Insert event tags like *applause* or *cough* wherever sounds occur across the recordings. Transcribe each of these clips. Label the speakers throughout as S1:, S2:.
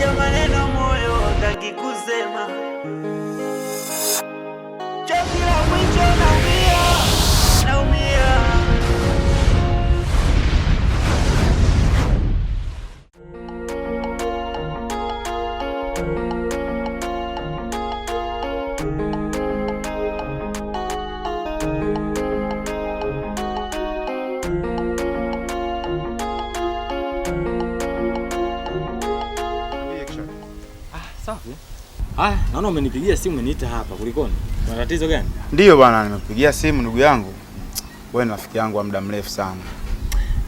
S1: Kilicho maneno moyo utaki kusema Safi. Eh? Haya, naona umenipigia simu umeniita hapa kulikoni? Kuna tatizo gani?
S2: Ndio bwana, nimepigia simu ndugu yangu. Wewe ni rafiki yangu wa muda mrefu sana.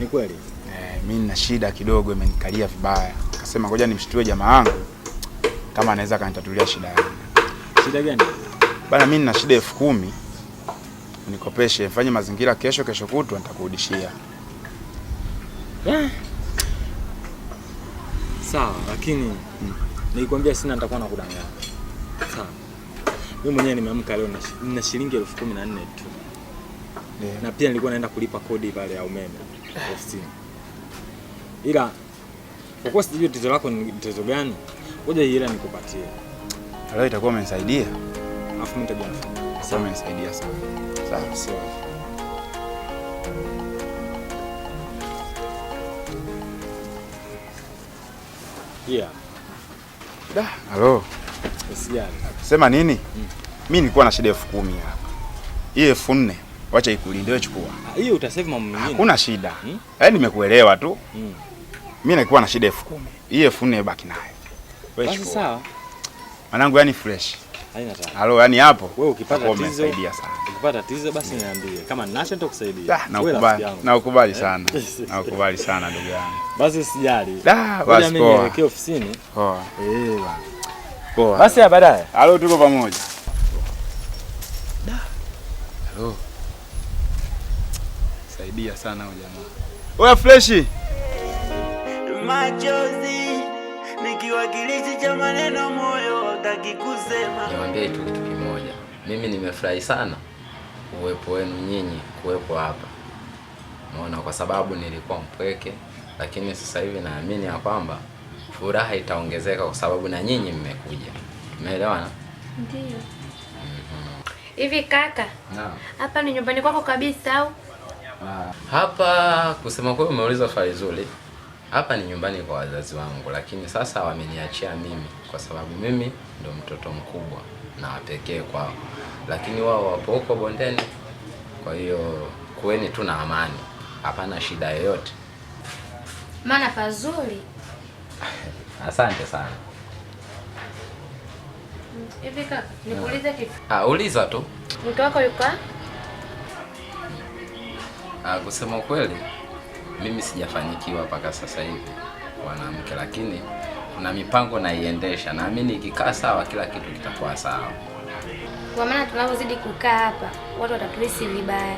S2: Ni kweli. Eh, mimi nina shida kidogo imenikalia vibaya. Akasema ngoja nimshtue jamaa wangu kama anaweza kanitatulia shida yangu. Shida gani? Bwana mimi nina shida elfu kumi. Unikopeshe mfanye mazingira kesho kesho kutwa nitakurudishia.
S1: Eh. Sawa, lakini hmm. Nikwambia sina, nitakuwa na kudanganya. Sawa. Mimi mwenyewe nimeamka leo na shilingi elfu kumi na nne tu. Yeah. Na pia nilikuwa naenda kulipa kodi pale ya umeme ofisini. Ila kwa kuwa sijui tatizo lako ni tatizo gani, ngoja hii hela nikupatie.
S2: Leo itakuwa umenisaidia.
S1: Alafu mimi nitajua nafanya.
S2: Sawa, umenisaidia sana.
S1: Sawa, sawa. Yeah.
S2: Da, halo. Usiana. Sema nini? Mm. Mimi nilikuwa na shida elfu kumi hapa. Hii elfu nne wacha ikulinde wewe chukua. Ah, hiyo utasave mambo mengine. Hakuna shida. Yaani hmm? Eh, nimekuelewa tu. Mm. Mimi nilikuwa na shida elfu kumi. Hii elfu nne baki nayo.
S1: Wewe chukua. Basi sawa.
S2: Mwanangu, yani fresh. Haina tatizo. Halo, yani hapo
S1: wewe ukipata tatizo saidia sana. Ukipata tatizo basi niambie. Kama ninacho nitakusaidia.
S2: na ukubali eh? sana. *laughs* na ukubali sana ndugu yangu.
S1: Basi sijali.
S2: Da, basi
S1: poa. mimi nielekee ofisini.
S2: Poa. Eh.
S1: Poa. Basi ya baadaye.
S2: Halo, tuko pamoja. Da. Halo.
S1: Saidia sana huyo jamaa.
S2: Oya freshi. Machozi
S3: nikiwakilishi cha maneno moyo sitaki kusema. Niwaambie tu kitu kimoja, mimi nimefurahi sana uwepo wenu nyinyi kuwepo hapa, maona kwa sababu nilikuwa mpweke, lakini sasa hivi naamini ya kwamba furaha itaongezeka kwa sababu na nyinyi mmekuja. Tumeelewana?
S4: Ndio. Mhm. Hivi kaka, hapa ni nyumbani kwako kabisa au?
S3: Hapa kusema kweli, umeuliza swali zuri. Hapa ni nyumbani kwa wazazi wangu, lakini sasa wameniachia mimi kwa sababu mimi ndo mtoto mkubwa na wapekee pekee kwao, lakini wao wapo huko bondeni. Kwa hiyo kuweni tu na amani, hapana shida yoyote.
S4: Maana pazuri.
S3: *laughs* Asante sana.
S4: Hivi kaka, nikuulize kitu?
S3: Ah, uliza tu. Mtu wako yuko? Ah, kusema kweli mimi sijafanikiwa mpaka sasa hivi mwanamke, lakini kuna mipango naiendesha, naamini ikikaa sawa, kila kitu kitakuwa sawa,
S4: kwa maana tunavyozidi kukaa hapa watu watatuhisi vibaya.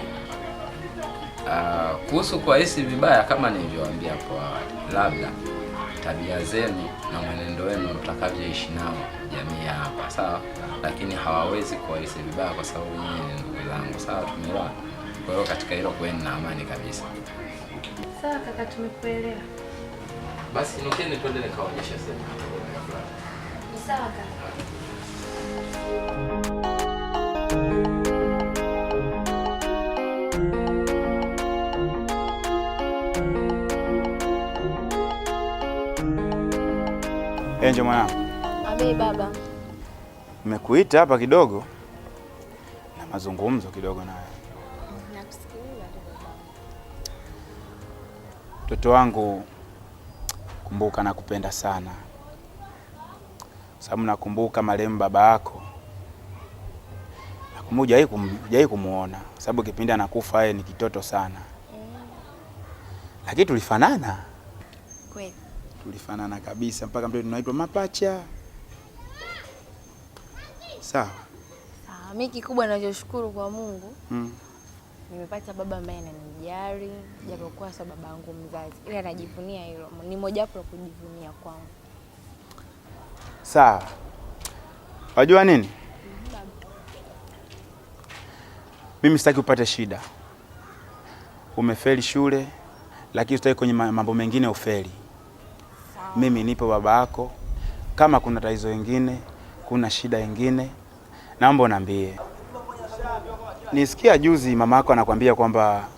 S3: Uh, kuhusu kuwahisi vibaya, kama nilivyowaambia hapo awali, labda tabia zenu na mwenendo wenu utakavyoishi nao jamii ya hapa sawa, lakini hawawezi kuwahisi vibaya kwa sababu nyinyi ni ndugu zangu, sawa? tumeelewa. Kwa hiyo katika hilo kuweni na amani kabisa.
S4: Sawa kaka, tumekuelewa.
S3: Basi nokeni twende nikaonyesha sehemu.
S4: Ni sawa kaka.
S2: Enjo eh, mwanangu.
S4: Abi baba.
S2: Nimekuita hapa kidogo na mazungumzo kidogo nayo.
S4: Nakusikiliza.
S2: Mtoto wangu Kumbuka nakupenda sana, sababu nakumbuka marehemu baba yako, nakumbuka hujai kumuona, sababu kipindi anakufa yeye ni kitoto sana mm. Lakini tulifanana kweli, tulifanana kabisa mpaka mtoto tunaitwa mapacha. Sawa,
S4: mimi kikubwa ninachoshukuru kwa Mungu mm. nimepata baba ambaye anijali japokuwa sa baba yangu mzazi, ila anajivunia hilo, ni mojawapo la kujivunia kwangu.
S2: Sawa, wajua nini, mimi sitaki upate shida. Umefeli shule, lakini sitaki kwenye mambo mengine ufeli. Mimi nipo baba yako, kama kuna tatizo lingine, kuna shida ingine, naomba unaambie. Nisikia juzi mama yako anakuambia kwamba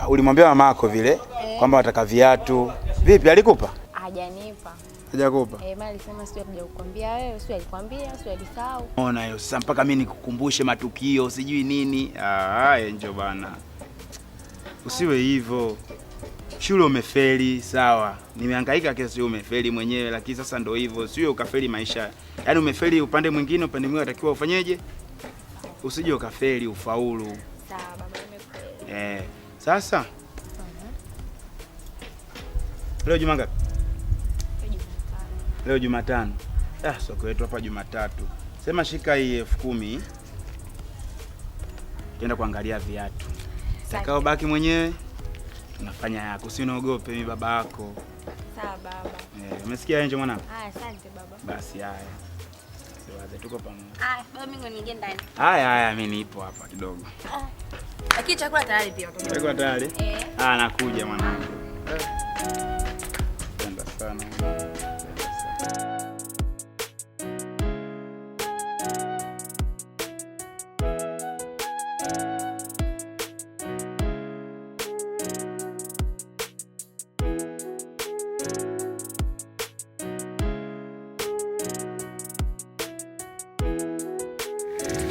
S2: Ah, ulimwambia mamako vile e, kwamba wataka viatu vipi? Alikupa?
S4: Hajanipa. Hajakupa? Eh, mali sema sio hajakukwambia wewe, sio alikwambia, sio alisahau.
S2: Ona hiyo sasa, mpaka mimi nikukumbushe matukio sijui nini. Ah, enjo bana, usiwe hivyo. Shule umefeli, sawa, nimehangaika kesi, umefeli mwenyewe, lakini sasa ndio hivyo, sio ukafeli maisha. Yaani umefeli upande mwingine, upande mwingine unatakiwa ufanyeje? Usije ukafeli ufaulu.
S4: Sawa baba, nimefeli.
S2: Eh. Sasa leo juma ngapi? Leo Jumatano. Ah, soko yetu hapa Jumatatu. Sema shika hii elfu kumi tenda kuangalia viatu takao baki mwenyewe tunafanya yako, usiniogope mimi mi baba yako. Sawa baba. Eh, umesikia nje mwanangu?
S4: Ah, asante baba.
S2: Basi haya. Usiwaze, tuko pamoja.
S4: Haya, ah, baba mimi niingie ndani.
S2: Haya haya, mimi nipo hapa kidogo. Ah,
S4: lakini chakula tayari pia.
S2: Chakula tayari? Eh. Ah, nakuja mwanangu. Eh.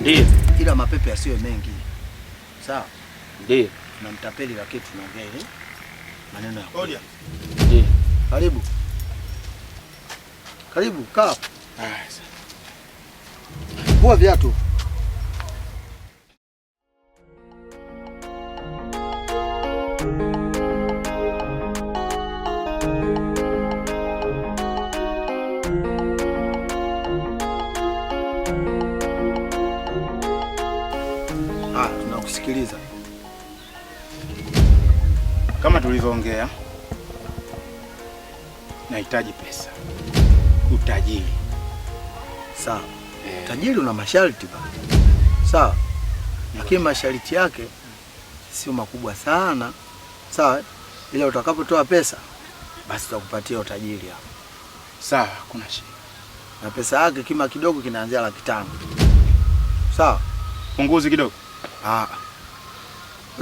S2: Ndio. Ila mapepe yasiwe mengi, sawa? Ndiyo. Na mtapeli lakini tunaongea ile maneno ya odia. Ndiyo. Karibu, karibu, kaa. Ah, Vua viatu. Sikiliza, kama tulivyoongea, nahitaji pesa, utajiri. Sawa eh. Tajiri una masharti ba, sawa, lakini masharti yake sio makubwa sana, sawa, ila utakapotoa pesa basi tutakupatia utajiri hapo, sawa? Kuna shida na pesa yake, kima kidogo kinaanzia laki tano, sawa? Punguzi kidogo ah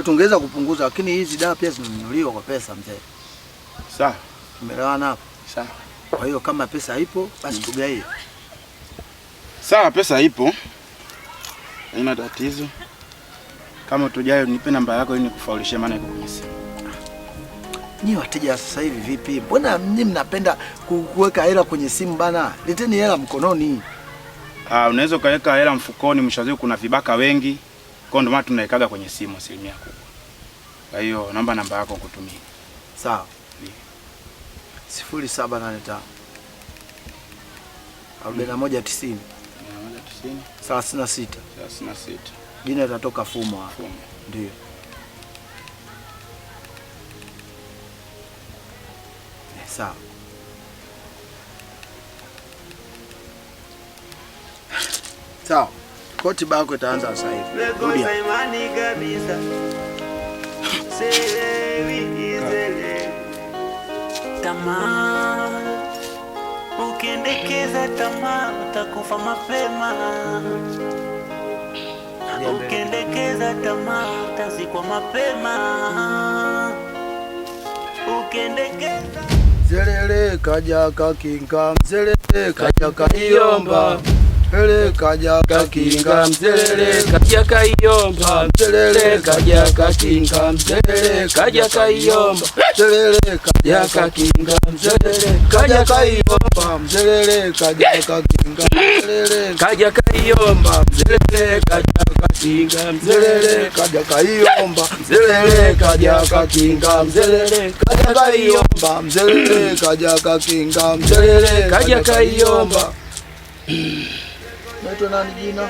S2: tungeweza kupunguza, lakini hizi dawa pia zinanunuliwa kwa pesa mzee. Sawa, tumeelewana hapo. Sawa. Kwa hiyo kama pesa ipo basi tugaie. Sawa, pesa ipo, haina tatizo. Kama tujayo nipe namba yako ili nikufaulishe, maana iko kwenye simu. Nyi wateja sasa hivi vipi? Mbona ninyi mnapenda kuweka hela kwenye simu bana? Leteni hela mkononi. Ah, unaweza ukaweka hela mfukoni, mshazi kuna vibaka wengi kwa ndio maana tunaikaga kwenye simu asilimia kubwa. Kwa hiyo naomba namba yako kutumia. Sawa. Sifuri saba nane tano arobaini na moja tisini thelathini na sita jina litatoka Fuma. Ndio. Eh, sawa. Sawa. Kwa tiba yako itaanza sasa hivi. Imani kabisa. izele. Tamaa, ukiendekeza tamaa utakufa mapema. Ukiendekeza tamaa utazikwa mapema. Ukiendekeza zelele kaja kakinga, zelele kaja kaiomba Mselele kaja kakinga, mselele kaja kaiomba, mselele kaja kakinga, mselele kaja kaiomba, mselele kaja kakinga, mselele kaja kaiomba, mselele kaja kakinga, mselele kaja kaiomba, mselele kaja kakinga, mselele kaja kaiomba, mselele kaja kakinga, mselele kaja kaiomba, mselele kaja kakinga, mselele kaja kaiomba. Naitwa nani jina?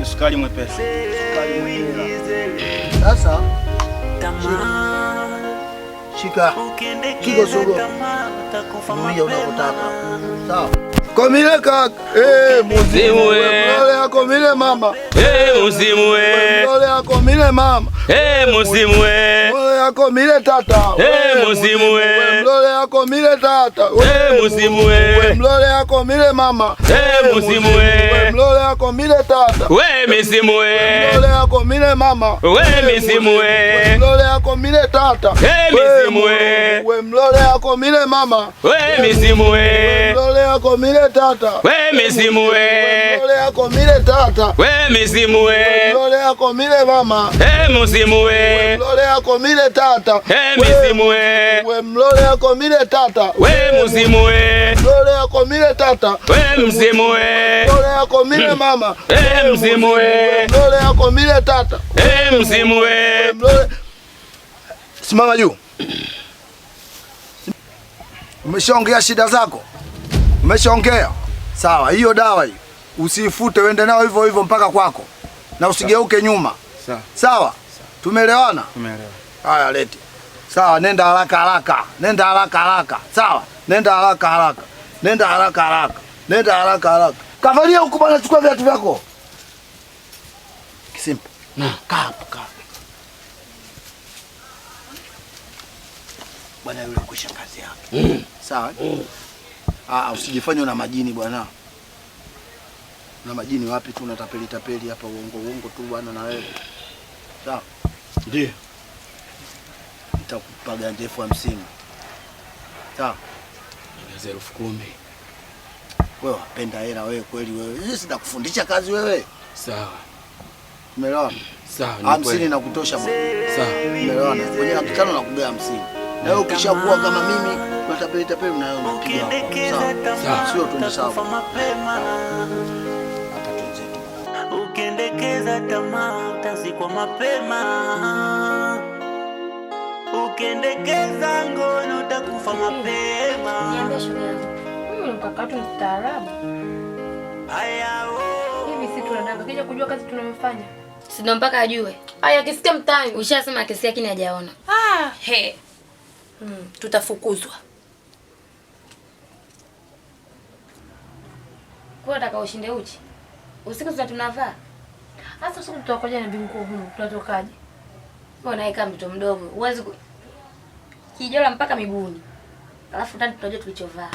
S2: Kisukari mwepesi. Kisukari mwepesi. Sasa shika kiko soro mmoja unakotaka sawa. Komile kaka, eh muzimu wewe, ole akomile mama, eh muzimu wewe, ole akomile mama, eh muzimu wewe, ole akomile tata, eh muzimu wewe yako mile tata, we mzimu we mlole yako mile mama, we mzimu we mlole yako mile tata, we mzimu we mlole yako mile mama, we mzimu we mlole yako mile tata, we mzimu we mlole yako mile mama, we mzimu we mlole yako mile tata, we mzimu we mlole yako mile tata, we mzimu we mlole yako mile mama, we mzimu we mlole yako mile tata, we mzimu we mlole yako mile mile tata, we mzimu we, dole yako mile tata, we mzimu we, dole yako mile hmm. mama, we mzimu we, dole yako mile tata, we mzimu we. Simama juu. Umeshaongea shida zako, umeshaongea sawa. Hiyo dawa hii usiifute, uende nayo hivyo hivyo mpaka kwako na usigeuke nyuma, sawa? Tumeelewana? Tumeelewana. Haya, leti Sawa, nenda haraka haraka, nenda haraka haraka. Sawa, nenda haraka haraka, nenda haraka haraka, nenda haraka haraka. Kavalia huko bwana, chukua viatu vyako. kisimpa na kapu ka bwana, yule kwisha kazi yake mm. Sawa mm. Ah, ah, usijifanye una majini bwana, una majini wapi tu, unatapeli tapeli hapa, uongo uongo tu bwana na wewe. Sawa, ndio nitakupa ganja elfu hamsini sawa? elfu kumi Wewe wapenda hela wewe kweli wewe. kazi wewe. Sawa. Umeelewa? *clears throat* Sawa. Hamsini Sawa. Umeelewa? Kwenye laki tano hamsini. Na wewe ukishakuwa kama mimi tapeli na wewe Sawa. Sio sawa. Ukiendekeza tamaa utazikwa mapema
S4: ukiendekeza ngono utakufa mapema. Mkakato oh.
S5: mpaka ajue. Aya, akisikia mtaani, ushasema akisikia kini hajaona. Ah, he. Hmm, tutafukuzwa. Kwa nataka ushinde uchi usiku, sasa tunavaa
S4: hasa usiku, tutakoja na bingu huko, tunatokaje?
S5: Mbona ikaa mtoto mdogo uwezi kijola mpaka miguuni, alafu ndani tunajua tulichovaa.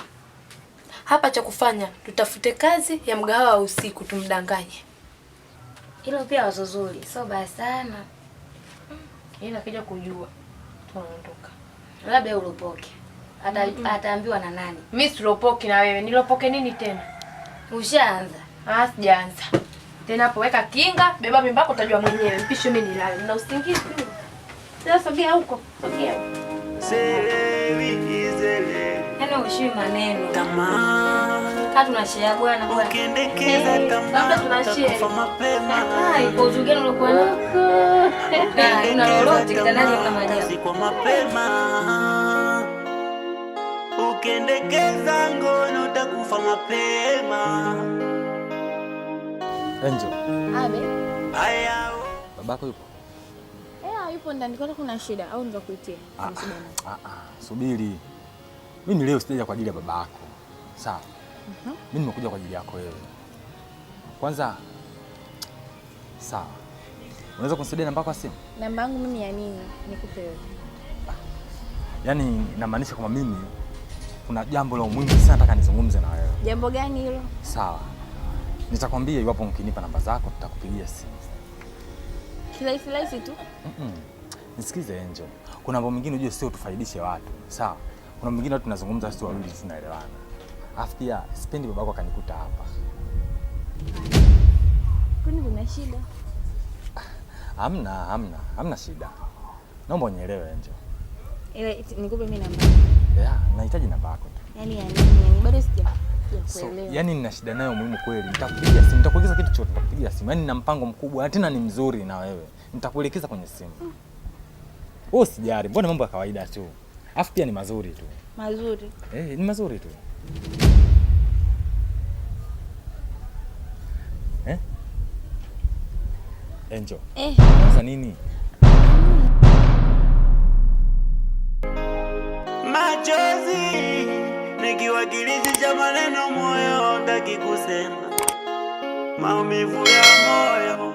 S4: Hapa cha kufanya tutafute kazi ya mgahawa wa usiku tumdanganye.
S5: Hilo pia wazo zuri, sio baya sana.
S4: Yeye akija kujua tunaondoka,
S5: labda ulopoke ata, mm -hmm. ataambiwa na nani?
S4: Mimi silopoki na wewe, nilopoke nini tena?
S5: Ushaanza?
S4: Ah, sijaanza tena. Hapo weka kinga, beba mimba yako, utajua mwenyewe. Mpishe mimi nilale na usingizi. Sasa sogea huko, sogea. Okay.
S5: Yaani uishiwi maneno. bwana. Labda Kwa ujugeni Ukiendekeza
S2: ngono utakufa mapema. Angel. Abe. Babako yupo?
S4: hapo ndani kwani kuna shida au kuitia? Ah, ah,
S2: ah, ah. subiri. Mimi leo sijaja kwa ajili ya baba yako, sawa? uh mhm. -huh. Mimi nimekuja kwa ajili yako wewe kwanza, sawa? Unaweza kunisaidia namba yako ya simu?
S4: Namba yangu mimi ya nini nikupe wewe? Ah,
S2: yaani namaanisha kwamba mimi kuna jambo la muhimu sana nataka nizungumze na wewe.
S4: Jambo gani hilo?
S2: Sawa, nitakwambia iwapo mkinipa namba zako tutakupigia simu.
S4: Kirahisi rahisi tu? mm -mm.
S2: Nisikize Angel, kuna mambo mengine unajua, sio tufaidishe watu sawa. Kuna mwingine watu tunazungumza sisi wawili tunaelewana, After ya sipendi babako akanikuta hapa.
S4: Kwani kuna shida?
S2: Hamna, hamna, hamna shida. Naomba unielewe Angel.
S4: Ewe, eh, nikupe mimi namba.
S2: Yeah, nahitaji namba yako tu.
S4: Yaani yaani bado sijakuelewa.
S2: So, yani nina shida nayo muhimu kweli. Nitakupigia simu, nitakuelekeza kitu chote, nitakupigia simu. Yani nina mpango mkubwa, tena ni mzuri na wewe. Nitakuelekeza kwenye simu. Mm. Wewe usijali, mbona mambo ya kawaida tu, afu pia ni mazuri tu mazuri. Eh, ni mazuri tu eh? Enjo
S4: eh. Sasa
S2: nini machozi ni kiwakilishi cha maneno moyo, utaki kusema maumivu ya moyo